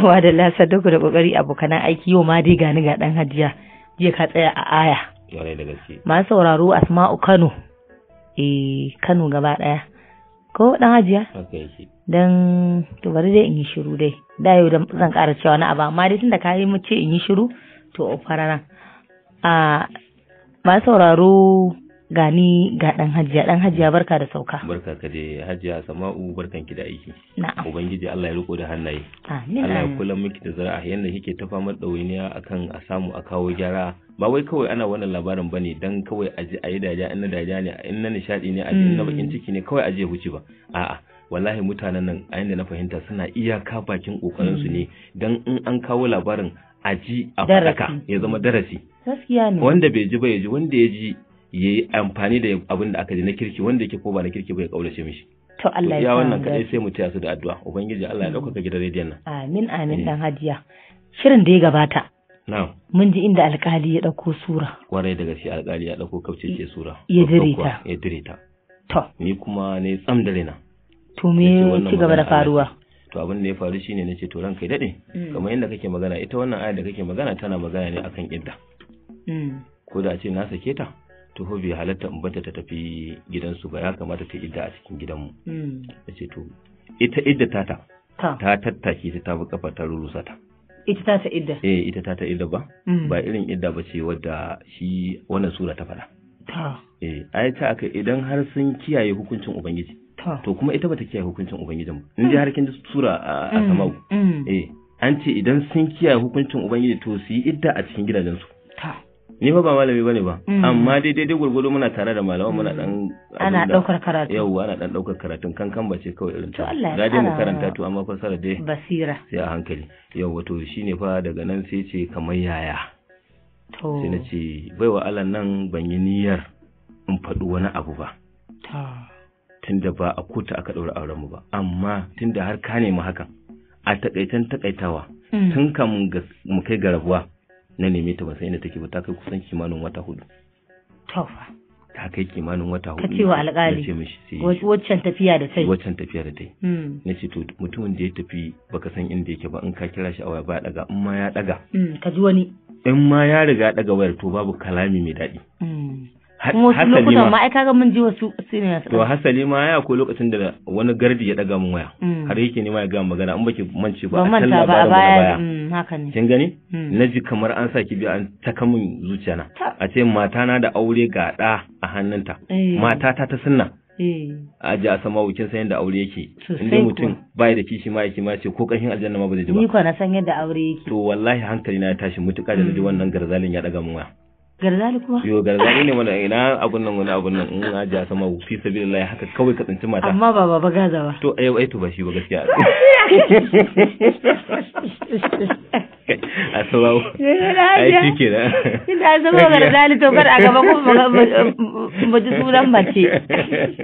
to da lasa da da kokari abokanan aiki yau ma dai gani ga dan hajiya jiya ka tsaya a aya masu sauraro asma'u kano eh kano gaba daya ko dan hajiya dan to bari dai in yi shiru dai da yau da zan ƙara cewa na abu amma dai tunda ka yi mu ce in yi shiru to fararan a ah, masu sauraro gani ga dan hajiya dan hajiya barka da sauka barka ka je, hajiya sama'u barkan ki da aiki na'am ubangiji Allah ya riko da hannaye amin Allah ya kula miki da zara yanda kike ta fama dawainiya akan a samu a kawo gyara ba wai kawai ana wannan labarin bane dan kawai a ji ayi daja in na daja ne in na nishadi ne a ji na bakin hmm. ciki ne kawai a je huci ba a'a wallahi mutanen nan a yanda na fahimta suna iyaka bakin kokarin su ne hmm. dan in an kawo labarin a ji a faɗaka ya zama darasi gaskiya ne wanda bai ji ba ya ji wanda ya ji ya yi amfani da abin da aka ji na kirki wanda yake ko ba na kirki ba ya kaurace mishi to Allah ya wannan kaɗai sai mu taya su da addu'a ubangiji Allah ya ɗaukaka gidan rediyon nan amin amin dan hajiya shirin da ya gabata Mun ji inda alkali ya ɗauko sura. Kwarai da gaske alkali ya ɗauko kaucece sura. Ya direta. ta. Ya dire ta. To. Ni kuma ne tsam da rena. To me ci gaba da faruwa? to abin da ya faru shine na ce to ranka ya daɗe mm. kamar yadda kake magana ita wannan aya da kake magana tana magana ne akan idda mm. ko da ce na sake ta tuho bai halatta in bata ta tafi gidansu ba ya kamata ta idda a cikin gidanmu ya hmm. ce to ita idda tata ta Ta tattaki ta tafi kafa ta rurusa ta ita ta ta idda eh ita ta ta idda ba hmm. ba irin idda ba ce wadda shi wannan sura ta faɗa Ta. eh ai ta aka idan har sun kiyaye hukuncin ubangiji to kuma ita bata kiyaye hukuncin Ubangiji ba in ji har kin ji sura a hmm. samau eh an ce idan sun kiyaye hukuncin ubangiji to su yi idda a cikin gidajensu ni ba ba malami bane ba mm. amma dai dai dai gurgudu muna tare da malaman muna dan ana daukar karatu Yauwa ana dan daukar karatun kankan ba ce kawai irin to Allah ya mu karanta to amma fasara dai basira sai a hankali Yauwa to shine fa daga nan sai ce kamar yaya to sai na ce baiwa Allah nan ban yi niyyar in faɗi wani abu ba tunda ba a kuta aka ɗaura auren mu ba amma tunda har ka nemi hakan a takaitan takaitawa mm. tun kamun mu kai ga rabuwa na neme ta ban san inda take ba ta kai kusan kimanin wata hudu tofa ta kai kimanin wata hudu ka ce wa alƙali waccan tafiya da tai waccan tafiya da tai hmm. na ce to mutumin da ya tafi baka san inda yake ba in ka kira shi a waya ba daga in ma ya daga hmm, ka ji wani in ma ya riga daga wayar to babu kalami mai daɗi hmm. kuma lokutan ma ai kaga mun ji wasu to hasali ma ya ko lokacin da wani gardi ya daga mun waya mm. har yake ne ma ya ga magana an baki mance ba a tallaba ba baya mm, haka ne kin gani mm. naji kamar an saki bi an taka mun zuciya na a ce mata na da aure ga da a hannunta eh. mata ta ta sunna eh. a ji a sama wukin san yadda aure yake inda mutum bai da kishi ma yake ma ce ko kashin aljanna ma ba zai ji ba ni ko na san yadda aure yake to wallahi hankali na ya tashi mutuka da ji wannan garzalin ya daga mun waya garzali kuma yo garzali ne wani ina abun nan wani abun nan in aja sama fi sabilillah haka kawai ka tsinci mata amma ba baba gaza ba to ai eh, ai eh, to ba shi ba gaskiya a sabau eh, ai shi ke da ina zama garzali to kar a gaba kuma mu ji sunan mace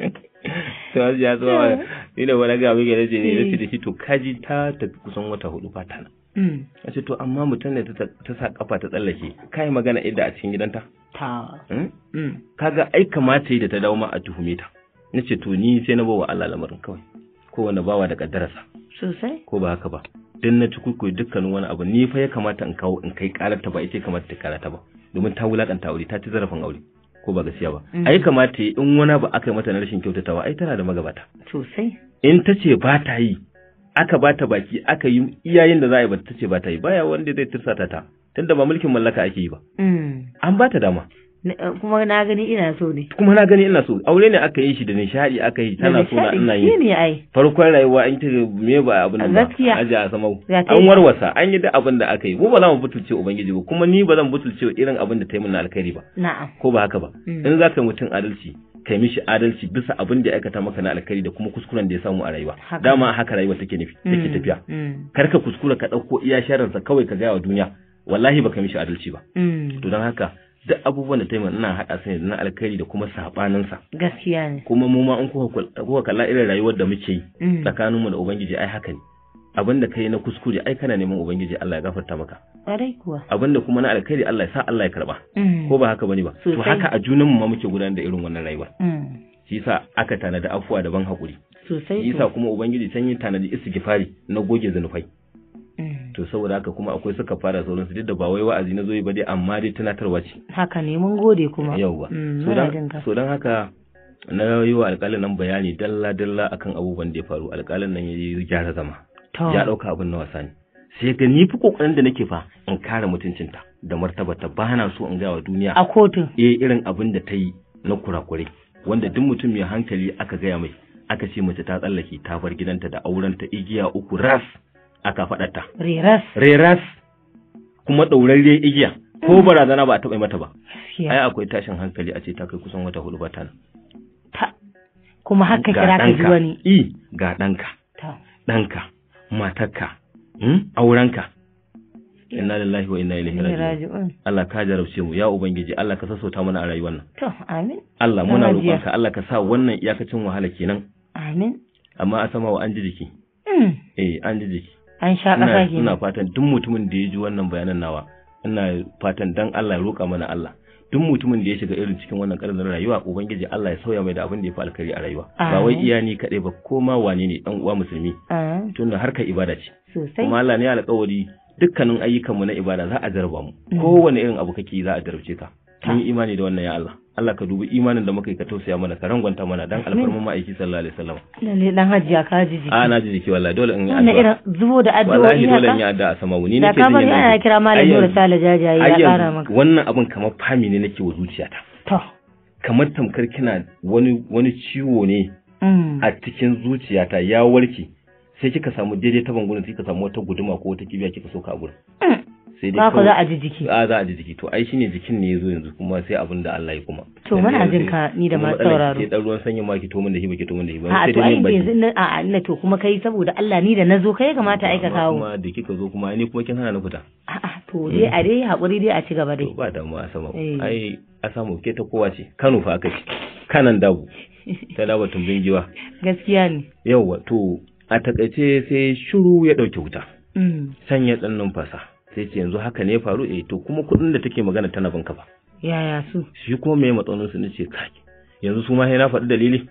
to aja sabau da wani ga abin da ne da shi to kaji ta tafi kusan wata hudu fata nan Hmm. a ce to amma mutum ne ta sa kafa ta tsallake kai magana idda a cikin gidanta ta hmm? hmm. kaga ai kamata yi da ta dawo ma a tuhume ta na ce to ni sai na bawa Allah lamarin kawai wanda bawa da kaddararsa sosai ko ba haka ba dan na ci kuku dukkanin wani abu ni fa ya kamata in kawo in kai karata ba ita kamata ta karata ba domin ta wulakanta aure ta ci zarafin aure ko ba gaskiya ba ai kamata in wani ba aka yi mata na rashin kyautatawa ai tana da magabata sosai in ta ce ba ta yi aka ba ta baki aka yi iyayen da za a yi ta ce ba ta yi baya wanda zai tirsata ta tunda ba mulkin mallaka ake yi ba mm. an ba ta dama eh, kuma na gani ina so ne kuma na gani ina so aure ne aka yi shi da nishadi aka yi tana so na ina yi farkon rayuwa an ta me ba abin nan ba aje a samau an warwasa an yi da abin da aka yi mu ba za mu butulce ubangiji ba kuma ni ba zan butulce irin abin da ta yi mun alkhairi ba na'am ko ba haka ba mm. in za ka mutum adalci kai mishi adalci bisa abin da ya aikata maka na alkhairi da kuma kuskuren da ya samu a rayuwa dama haka rayuwa take nufi mm, take tafiya mm. kar ka kuskura ka ɗauko iya sharansa kawai ka gaya wa duniya wallahi baka mishi adalci ba mm. to don haka duk abubuwan da taimaka ina haɗa su ne da na alkhairi da kuma sabaninsa gaskiya ne kuma mu ma in kuka kalla irin rayuwar da muke yi tsakaninmu da ubangiji ai haka ne abin da kai na kuskure ai kana neman ubangiji Allah ya gafarta maka ƙwarai kuwa abin da kuma na alkhairi Allah ya sa Allah ya karba mm. ko ba haka bane ba to haka a junan mu ma muke gudanar da irin wannan rayuwar mm. shi yasa aka tanada afuwa da ban hakuri sosai shi yasa kuma ubangiji can yi tanadi istighfari na goge zanufai mm. to saboda haka kuma akwai suka fara sauran su da ba wai wa'azi na zo yi ba dai amma dai tunatarwa ce haka ne mun gode kuma yauwa so dan haka na yi wa alƙalin nan bayani dalla dalla akan abubuwan da ya faru alƙalin nan ya yi gyara zama ya ɗauka abin na wasa ne sai ga ni fi kokarin da nake fa in kare mutuncinta da martabata ba na so in gawa duniya a kotun eh irin abin da ta yi na kurakure wanda duk mutum mai hankali aka gaya mai aka ce mace ta tsallake ta bar gidanta da auren ta igiya uku ras aka ta Reras. Reras kuma ɗaurarriyar igiya ko mm. barazana ba a taɓa mata ba. Ai akwai tashin hankali a ce ta kai kusan wata hudu ba ta Kuma haka kira ka ji wani. I ga ɗanka. Ɗanka. matarka wurinka. Hmm? inna lillahi wa inna ilaihi raji'un Allah ka jarabce mu ya ubangiji Allah ka sassauta mana a rayuwar nan to amin Allah muna roƙonka Allah ka sa wannan iyakacin wahala kenan amin amma a sama wa an ji jiki mm. eh an ji jiki an sha ƙasa kenan ina fatan duk mutumin da ya ji wannan bayanan nawa ina fatan dan Allah ya roƙa mana Allah duk mutumin da ya shiga irin cikin wannan karin rayuwa ubangiji Allah ya sauya mai da abin da ya fi alkari a rayuwa ba wai iya ni kadai ba ko ma wane ne dan uwa musulmi tunda harkar ibada ce kuma Allah ne alƙawari dukkanin ayyukanmu na ibada za a jarraba mu mm. kowane irin abu kake za a jarabce ka mun imani da wannan ya Allah Allah ka dubi imanin da muka yi ka tausaya mana ka rangwanta mana dan alfarman ma'aiki sallallahu alaihi wasallam lalle dan hajiya ka ji jiki a ah, na ji jiki wallahi dole in yi addu'a irin zubo da addu'a wallahi dole in yi addu'a a sama wuni nake jin yana da kamar kira malam Nura Sale jajaye ya kara maka wannan abin kamar fami ne nake wa zuciyata to kamar tamkar kina wani wani ciwo ne mm. a cikin zuciyata ya warke sai kika samu daidai ta bangunan sai kika samu wata guduma ko wata kibiya kika soka a gurin mm. sai dai kawai za a ji jiki a za a ji jiki to ai shine jikin ne yazo yanzu kuma sai abin da Allah ya kuma to muna jin ka ni da masu sauraro sai dan ruwan sanyin ma ki to mun da shi ba ki to mun da shi ba sai dai yanzu a a ina to kuma kai saboda Allah ni da nazo kai kamata ai aika kawo kuma da kika zo kuma ni kuma kin hana ni fita a'a to dai a dai hakuri dai a ci gaba dai to ba a sama eh. ai a samu ke ta kowa ce Kano fa aka ci kanan dabu ta dawo tumbin giwa gaskiya ne yawa to a takaice sai shiru ya dauke wuta mm. sanya dan fasa. sai ce yanzu haka ne faru eh to kuma kuɗin da take magana tana bin ka ba yaya su shi kuma me matsalolin su nace kai yanzu su ma sai na faɗi dalili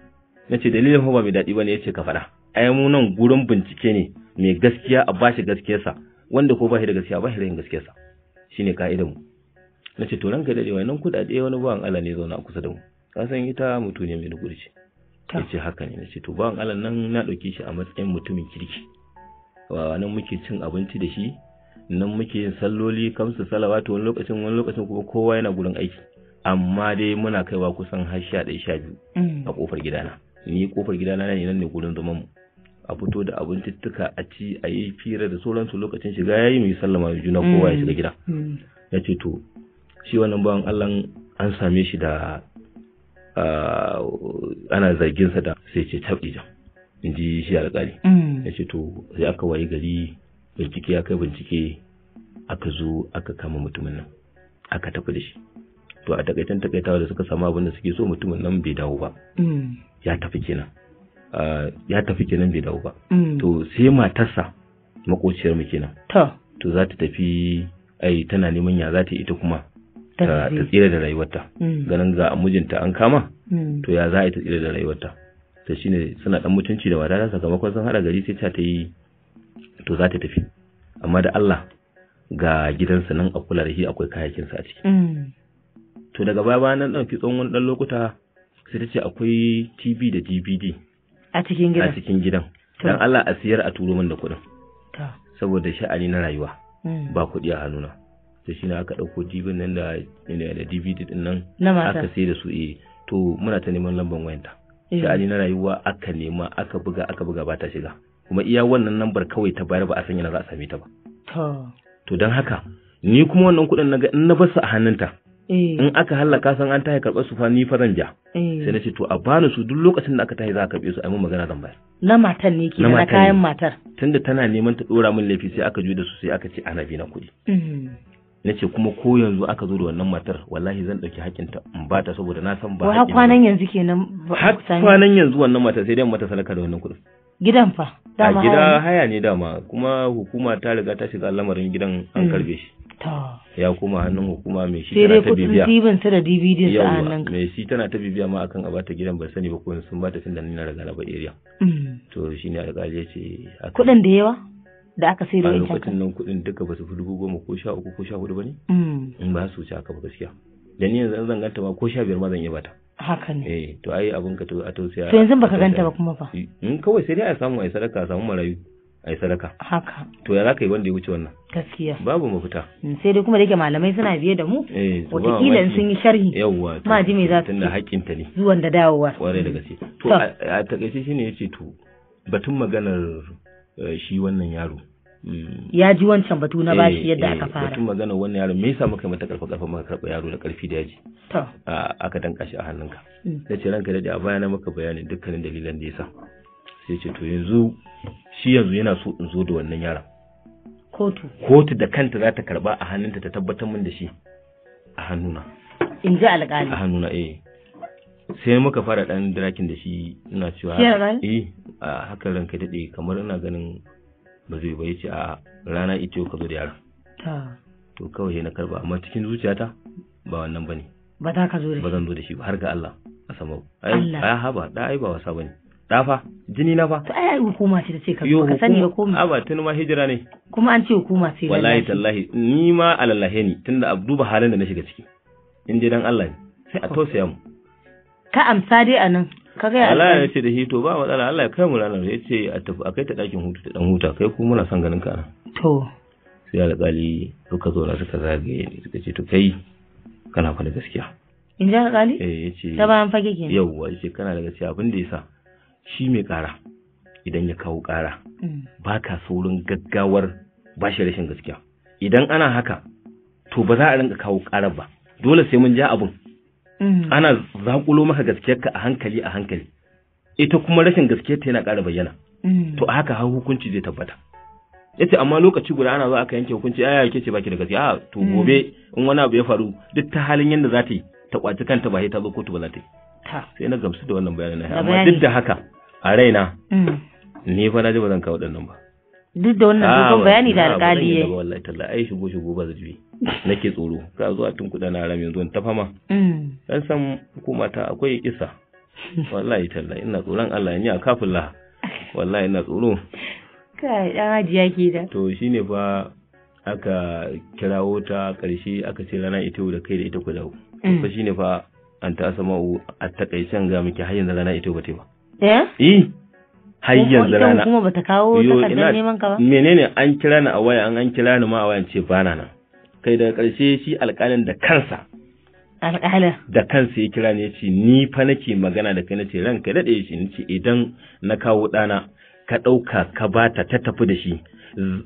nace dalilin fa ba mai daɗi bane yace ka faɗa ai mu nan gurin bincike ne mai gaskiya a bashi gaskiyarsa wanda ko bashi da gaskiya bashi da yin gaskiyarsa shine ka'idar mu nace to ranka da nan kuɗaɗe wani bawan Allah ne zauna a kusa da mu ka san ita mutum ne mai nuguri yace haka ne nace to bawan Allah nan na ɗauke shi a matsayin mutumin kirki wa nan muke cin abinci da shi nan muke yin salloli kamsu salawatu wani lokacin wani lokacin kuma kowa yana gurin aiki amma dai muna kaiwa kusan har sha ɗaya sha biyu mm. a kofar gidana ni kofar gidana ne nan ne gurin zaman mu a fito da abin tuttuka a ci a yi fira da sauransu lokacin shiga yayi mai sallama juna kowa ya shiga mm. gida mm. ya ce to shi wannan bawan Allah an same shi da ana zargin sa da sai ce tabi jam in ji shi alƙali ya ce to sai aka wayi gari bincike ya kai bincike aka zo aka kama mutumin nan aka tafi da shi to a takaitan takaitawa da suka samu abin da suke so mutumin nan bai dawo ba mm. ya tafi kenan ah, ya tafi kenan bai dawo ba mm. to sai matarsa makociyar mu kenan to za ta tafi ai tana neman ya za ta ita kuma ta tsira da rayuwarta mm. ganin ga mijinta an kama to ya za a ta tsira da rayuwarta to shine suna dan mutunci da wadata sakamakon sun hada gari sai ta ta yi to za ta tafi amma da Allah ga gidansa nan a kula da shi akwai kayakinsa a ciki mm. to daga baya bayan nan fi tsawon dan ɗan lokuta sai ta ce akwai tv da dvd a cikin gidan a cikin gidan dan Allah a siyar a turo min da kuɗin saboda sha'ani na rayuwa mm. ba kuɗi a hannuna to shine aka ɗauko dvd nan da da dvd din nan aka sai da su eh to muna ta neman lambar wayanta eh. sha'ani na rayuwa aka nema aka buga aka buga ba ta shiga kuma iya wannan lambar kawai ta bayar ba a sanya na za a same ta ba to don haka ni kuma wannan kuɗin na ga in na basu a hannunta eh. in aka hallaka san an tahi karɓar su fa ni fa zan ja eh. sai na ce to a bani su duk lokacin da aka tahi za a karɓe su a yi magana zan bayar na matar ne ke na kayan matar tunda tana neman ta ɗora min laifi sai aka da su sai aka ce ana bi na kuɗi mm-hmm. na ce kuma ko yanzu aka zo da wannan matar wallahi zan ɗauki hakinta in ba ta saboda na san ba haƙƙin kwanan yanzu kenan har kwanan yanzu wannan matar sai dai mata sadaka da wannan kuɗin gidan fa a gida haya ne dama kuma hukuma ta riga ta shiga lamarin gidan an hmm. karbe shi ya kuma hannun hukuma mai shi tana ta bibiya sai dai da DVD sa nan. mai shi tana ta bibiya ma akan a bata gidan ba sani ba ko sun bata tun da ni na riga na ba area hmm. to shi alƙali ya ce kuɗin da yawa da aka sai da yankin lokacin nan kuɗin duka ba su fi dubu goma ko sha uku ko sha hudu ba ne hmm. in ba su wuce haka ba gaskiya da ni yanzu an zanganta ma ko sha biyar ma zan iya bata haka ne eh to ai abun ka to a to sai to yanzu baka ganta ba kuma fa in kawai sai dai a samu ai sadaka a samu marayu ai sadaka haka to ya zaka yi wanda ya wuce wannan gaskiya babu mafita mm, sai dai kuma dake malamai suna biye da mu eh, wataƙila sun yi sharhi yawwa ma ji me za ta tunda ta ne zuwan da dawowa kwarai da gaske to a takaice shine yace to batun maganar eh, shi wannan yaro Mm. ya ji wancan batu na bashi eh, yadda eh, aka fara batun magana wannan yaro me yasa muka mata karfa karfa muka karba yaro da karfi da yaji to aka danka shi a hannunka mm. ce ranka dade a baya na maka bayanin dukkanin dalilan da yasa sai ce to yanzu shi yanzu yana so in zo da wannan yaron kotu kotu da kanta za ta karba a hannunta ta tabbatar min da shi a hannuna in ji alƙali a hannuna eh sai muka fara ɗan drakin da shi ina cewa eh a hakan ranka dade kamar ina ganin ba zai ba ce a'a rana ita yau ka zo da yaron to kawai na karba amma cikin zuciyata ba wannan bane ba za ka zo da shi ba zan zo da shi ba har ga Allah a sama ai haba da ai ba wasa bane da fa jini na fa to ai hukuma ce ce ka ka sani ba komai a tun ma hijira ne kuma an ce hukuma ce wallahi tallahi ni ma alallahi ni tunda abdu duba halin da na shiga ciki in je dan Allah ne a tausaya mu ka amsa dai anan ka ga Allah ya ce da hito ba matsala Allah ya kai mu ranar ya ce a tafi a kai ta dakin hutu ta dan huta kai ko muna son ganin ka to sai alƙali suka zo na suka zagaye ni suka ce to kai kana faɗa gaskiya in ji alƙali eh ya ce ta an fage kenan yawwa ya ce kana da gaskiya abin da ya sa shi mai ƙara idan ya kawo ƙara mm. ba ka saurin gaggawar ba shi rashin gaskiya idan ana haka to ba za a rinka kawo ƙarar ba dole sai mun ja abin Mm-hmm. ana zakulo maka gaskiyarka a hankali a hankali ita kuma rashin gaskiyarta yana ƙara bayyana mm-hmm. to a haka har hukunci zai tabbata yace amma lokaci guda ana zo aka yanke hukunci aya yake ce baki da gaskiya a ah, to mm-hmm. gobe in wani abu ya faru duk ta halin yadda za ta yi ta kwaci kanta ba sai ta zo kotu ba za ta yi sai na gamsu da wannan bayanin na amma duk da haka a raina ni fa na ji ba zan kawo ɗannan ba duk da wannan ah, dogon bayani da alkali ya yi wallahi ah, talla ai shigo shigo ba zabi nake tsoro ka zo a kuɗa na rami yanzu ta fama dan mm. san hukuma ta akwai kisa wallahi talla ina tsoron Allah ni a kafin wallahi ina tsoro kai dan hajiya ke da to shine fa aka kirawo ta karshe aka ce rana ita da kai da ita ku dawo mm. fa shine fa an ta sama a takaicen ga miki har yanzu rana ita ba ta ba eh, eh? har yanzu rana kuma bata kawo takardar neman ka ba menene an kira ni a waya an kira ni ma a wayan ce na nan kai daga karshe shi alƙalin da kansa alƙalin da kansa ya kira ni ya ce ni fa nake magana da kai nace ranka daɗe shi nace idan na kawo ɗana ka ɗauka ka ba ta ta tafi da shi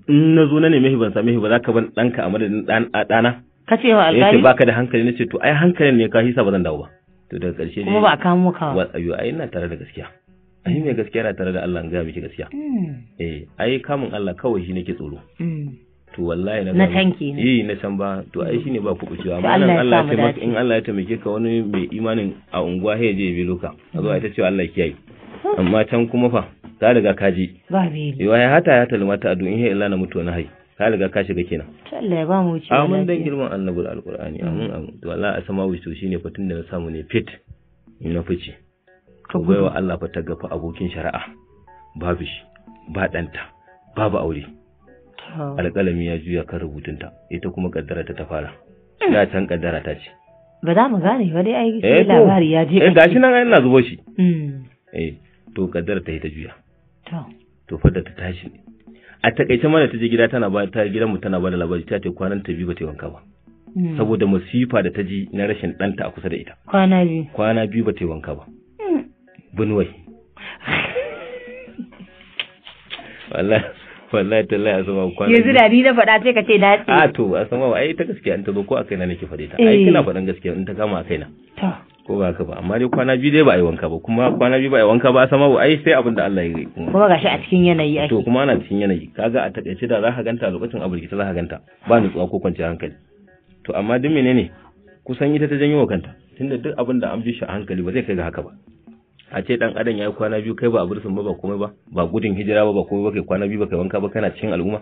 in na zo na nemi ban same shi ba za ka ban ɗanka a madadin ɗana ka ce wa alƙali yace baka da hankali nace to ai hankalin ne ka hisa ba zan dawo ba to daga ƙarshe ne kuma ba a kamo ka ba ayo ai ina tare da gaskiya ai mai gaskiya na tare da Allah in ga miki gaskiya hmm. eh ai kamun Allah kawai shi nake tsoro hmm. to wallahi na na tanki eh na san ba to ai shine ba ku kucewa amma Allah ya taimaka in Allah ya taimake ka wani mai imanin a unguwa he je bi loka azo ta ce Allah ya kiyaye hmm. amma can kuma fa ka riga ka ji ba bi eh, ya hata ya talmata adu in illa na mutu na hai ka riga ka shiga kenan Allah ya ba mu ci amin dan girman annabul alqur'ani amin amin to wallahi a sama wuce shine fatin da na samu ne fit na fice to wa Allah fa ta gafa abokin shari'a babu shi ba ɗanta babu aure alƙalami ya juya kan rubutunta ita kuma kaddara ta fara eh. da can kaddara ta ce ba za mu gane ba dai ai eh labari ya je eh gashi nan ai ina zubo shi hmm. eh to kaddara ta yi ta juya to to fa da ta tashi a takaice mana ta je gida tana ba ta gidan mu tana ba da labari ta ce kwanan ta biyu ba ta wanka ba hmm. saboda masifa da ta ji na rashin ɗanta a kusa da ita kwana biyu kwana biyu ba ta wanka ba bunwai wallahi ta a zama kwanan yanzu da ni na faɗa sai ka ce na a to a sama ai ta gaskiya in ta zo ko a kaina nake faɗe ta ai eh. kina faɗan gaskiya in ta kama a kaina ko ba ka ba amma dai kwana biyu dai ba a yi wanka ba kuma kwana biyu ba a yi wanka ba a sama ai sai abin da Allah ya yi kuma gashi a cikin yanayi ake to kuma ana cikin yanayi kaga a takaice da za ka ganta lokacin a burgita za ka ganta ba tsuwa ko kwanciyar hankali to amma duk menene kusan ita ta janyo wa kanta tunda duk abin da an bi shi a hankali ba zai kai ga haka ba a ce dan adam yayi kwana biyu kai ba a bursun ba ba komai ba ba gudun hijira ba ba komai ba kai kwana biyu ba kai wanka ba kana cikin al'umma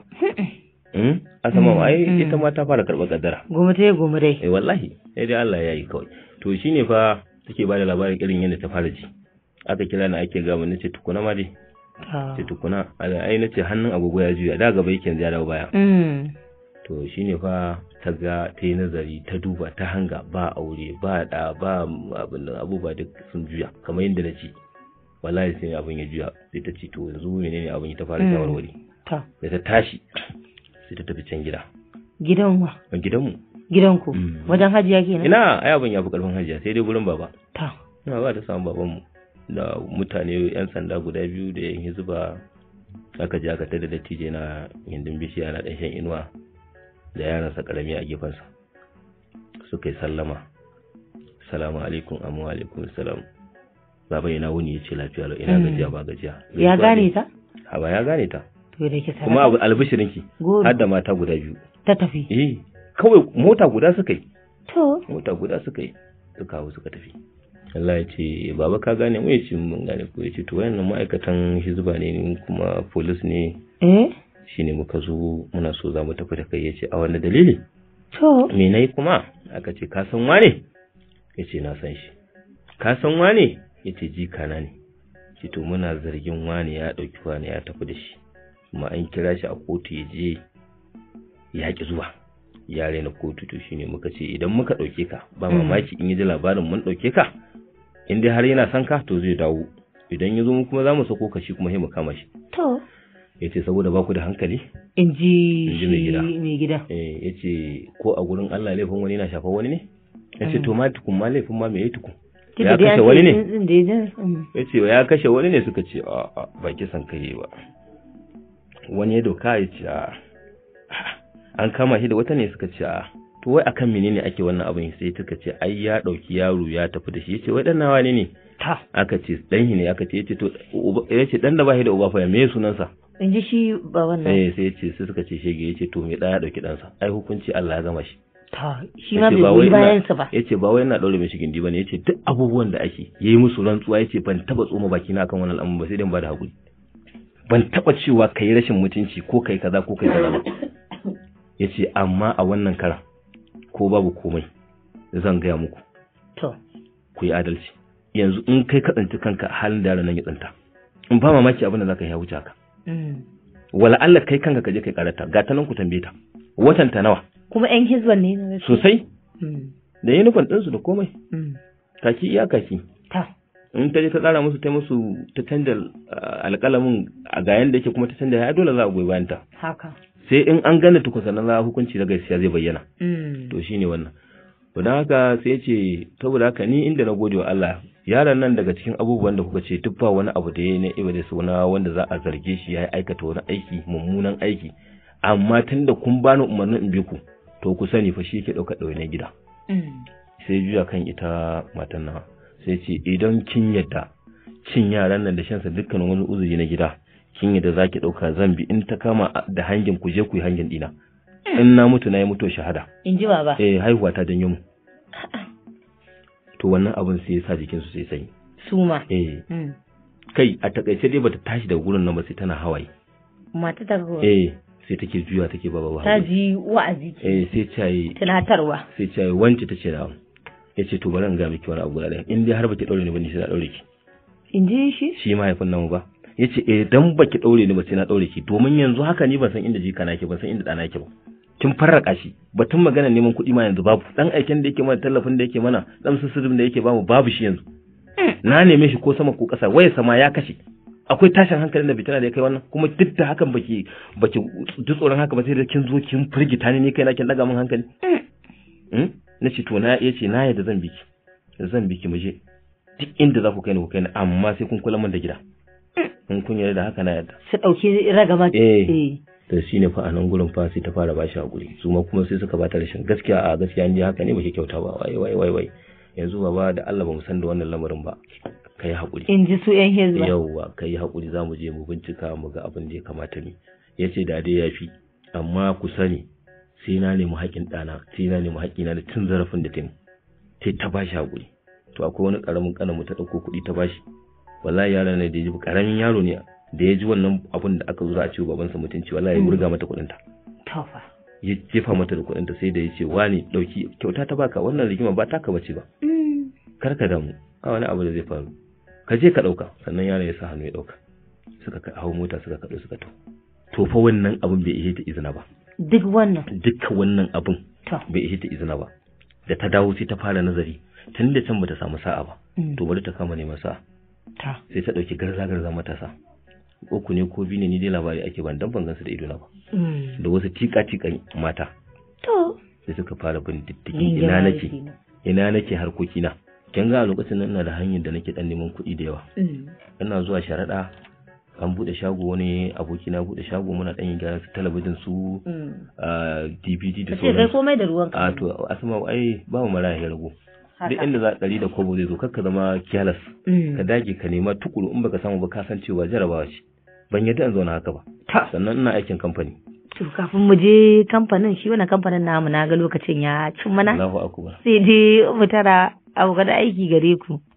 asama hmm? ma ai hmm. ita ma ta fara karɓar kaddara goma dai. eh wallahi sai dai Allah ya yi kawai to shine fa take bada labarin irin yadda ta fara ji aka kira ni ake ga na ce tukuna ma dai ah. ce tukuna ai ce hannun agogo ya juya da gaba yake yanzu ya dawo baya hmm. to shine fa ta ga ta yi nazari ta duba ta hanga ba aure ba da ba abubuwa duk sun juya kamar yadda na ce wallahi sai abin ya juya sai ta ce to yanzu menene abin ya ta fara hmm, shawarwari ta sai ta tashi sai ta tafi can gida gidan wa gidanmu gidanku hmm. wajen hajiya kenan ina ai abin ya fi karfin hajiya sai dai gurin baba ta na ba ta samu babanmu da mutane yan sanda guda biyu da yan hizba aka je aka tada da tije na gindin bishiya na dan shan inuwa da yaransa karami a gefensa suka yi sallama salamu alaikum amu alaikum salam baba ina wuni ya ce lafiya lau ina hmm. gajiya ba gajiya ya gane ta a ba ya gane ta to da ke kuma abu albishirin ki har da mata guda biyu ta tafi eh kawai mota guda suka yi to mota guda suka yi suka hau suka tafi Allah ya ce baba ka gane mu ya ce mun gane ko ya ce to wayannan ma'aikatan hizba ne kuma polis ne eh shine muka zo muna so za mu tafi da kai yace a wani dalili to me nayi kuma aka ce ka san wane yace na san shi ka san wane yace jika na ne ce to muna zargin wane ya dauki wane ya tafi da shi kuma an kira shi a kotu ya je ya ki zuwa ya raina kotu to shine muka ce idan muka ɗauke ka ba hmm. mamaki in yi ji labarin mun ɗauke ka in dai har yana son ka to zai dawo idan ya zo mu kuma za mu sako ka shi kuma sai mu kama shi to ya ce saboda ba ku da hankali in ji mai gida eh, ya ce ko a gurin allah laifin wani na shafa wani ne ya ce to ma tukun ma laifin ma me tukun ya kashe wani ne um. ya ce ya kashe wani ne suka ce a ba kisan kai ba wani ya doka ya ce a an kama shi da wata ne suka ce a to wai akan menene ake wannan abin sai suka ce ai ya dauki yaro ya tafi da shi ya ce wai dan nawa ne ne aka ce dan shi ne aka ce ya ce to ya ce dan da ba shi da uba fa me sunansa in ji shi ba wannan eh sai ce sai suka ce shege yace to me da ya dauki sa ai hukunci Allah ya gama shi ta shi ma bai bayan sa ba yace ba wai ina daure mishi gindi bane yace duk abubuwan da ake yayi musu rantsuwa yace ban taba tsoma baki na kan wannan al'amari ba sai dai ba da hakuri ban taba cewa kai rashin mutunci ko kai kaza ko kai kaza ba yace amma a wannan karan ko babu komai zan gaya muku to ku yi adalci yanzu in kai ka tsanci kanka halin da yaron nan ya tsanta in ba mamaki abin da zaka yi ya wuce ka Mm. wala Allah kai kanka ka je kai karata ga ta nan ku tambaye ta watan ta nawa kuma yan hizban ne na sosai mm. da uniform ɗinsu da komai mm. kaki iya kaki ta in ta je ta tsara musu ta musu ta canja ah, alƙalamin a gayan da yake kuma ta canja ya dole za a goyi bayan ta haka sai in an gane tuku sannan za hukunci da gaskiya zai bayyana to shine wannan to don haka sai ce saboda haka ni inda na gode wa Allah yaran nan daga cikin abubuwan da kuka ce duk ba wani abu da ya na iba suna wanda za a zarge shi ya aikata wani aiki mummunan aiki amma tun da kun bani umarnin in bi ku to ku sani fa shi yake ɗauka ɗaunar gida mm. sai juya kan ita matan nan sai ce idan kin yadda cin yaran nan da shansa dukkanin wani uzuri na gida kin yadda za ki ɗauka zan in ta kama da hangin ku je ku yi hangin ɗina mm. in na mutu na yi mutu shahada in ji ba. eh haihuwa ta janyo mu to wannan abin sai ya sa jikinsu sai sanyi suma eh hmm. kai a takaice dai bata tashi daga gurin nan ba sai tana hawaye mata ta eh sai take juya take baba ba ta ji wa'azi eh sai cayi tunatarwa sai cayi wance tace da ya ce to bari in ga miki wani abu guda in dai har baki daure ni ba ni sai na daure ki in ji shi shi mahaifin mu ba ya ce eh dan baki daure ni ba sai na daure ki domin yanzu haka ni ban san inda jika ke ban san inda dana ke ba kin farraka shi batun magana neman kuɗi ma yanzu babu dan aiken da yake mana tallafin da yake mana dan sisirin da yake bamu babu shi yanzu na neme shi ko sama ko ƙasa waya sama ya kashe akwai tashin hankalin da fitina da ya kai wannan kuma duk da hakan baki baki duk tsoron haka ba sai da kin zo kin firgita ni kai na kin daga min hankali hmm? na ce to na ce na yadda zan biki zan biki mu je duk inda za ku kai ni ku kai ni amma sai kun kula min da gida hmm. in kun yarda haka na yadda su ɗauki ragama eh, eh. to ne fa a nan gurin fa sai ta fara bashi hakuri su ma kuma sai suka bata rashin gaskiya a gaskiya ne haka ne ba shi kyauta ba wai wai wai wai yanzu ba da Allah ba mu san da wannan lamarin ba kai hakuri in ji su yan hezba yawwa kai hakuri za mu je mu bincika mu ga abin da ya kamata ne ce da dai fi amma ku sani sai na nemi haƙin ɗana sai na nemi haƙina da cin zarafin da ta yi ta bashi hakuri to akwai wani ƙaramin ƙanan mu ta ɗauko kuɗi ta bashi wallahi yaron ne da ji ƙaramin yaro ne da ya ji wannan abun da aka zura a ce babansa mutunci wallahi ya burga hmm. mata kuɗinta. ta ya jefa mata da kuɗinta, ta sai da ya ce wani dauki kyauta ta baka wannan rigima ba taka bace ba hmm. kar ka damu a wani abu da zai faru ka je ka dauka sannan yaron ya sa hannu ya dauka suka kai hau mota suka kaɗo suka to to fa wannan abun bai ishe ta izina ba duk wannan Duka wannan abun bai ishe ta izina ba da ta dawo sai ta fara nazari tun da can bata samu sa'a ba hmm. to bari ta kama neman sa'a sai ta dauki garza garza matasa uku ne ko biyu ne ni dai labari ake ban dan ban gansu da na ba mm. da wasu tika tikan mata to da suka fara bin diddigin ina nake ina nake harkoki na kin ga a lokacin nan ina da hanyar da nake dan neman kuɗi da yawa mm. ina zuwa sharaɗa an buɗe shago wani aboki na buɗe shago muna ɗan yin gyara su talabijin su dvd mm. da sauran sai komai da ruwan ka to asma ai ba mu mara ya rago duk inda za ɗari da kobo zai zo kakka zama kyalas ka dage ka nema tukuru in baka samu ba ka san cewa jarabawa ce ban yadda in zauna haka ba ta sannan ina aikin kamfani to kafin mu je kamfanin shi wani kamfanin namu na ga lokacin ya cin mana sai dai mu tara aiki gare ku